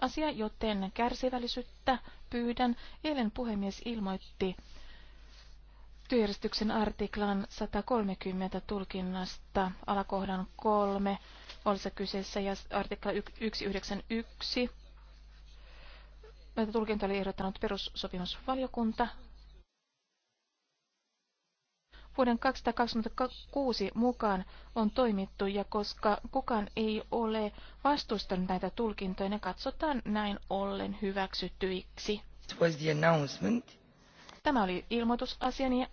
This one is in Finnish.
asia, joten kärsivällisyyttä pyydän. Eilen puhemies ilmoitti työjärjestyksen artiklan 130 tulkinnasta alakohdan 3 olisi kyseessä ja artikla 191. tulkinta oli ehdottanut perussopimusvaliokunta Vuoden 226 mukaan on toimittu ja koska kukaan ei ole vastustanut näitä tulkintoja, ne katsotaan näin ollen hyväksyttyiksi. Tämä oli ilmoitusasiani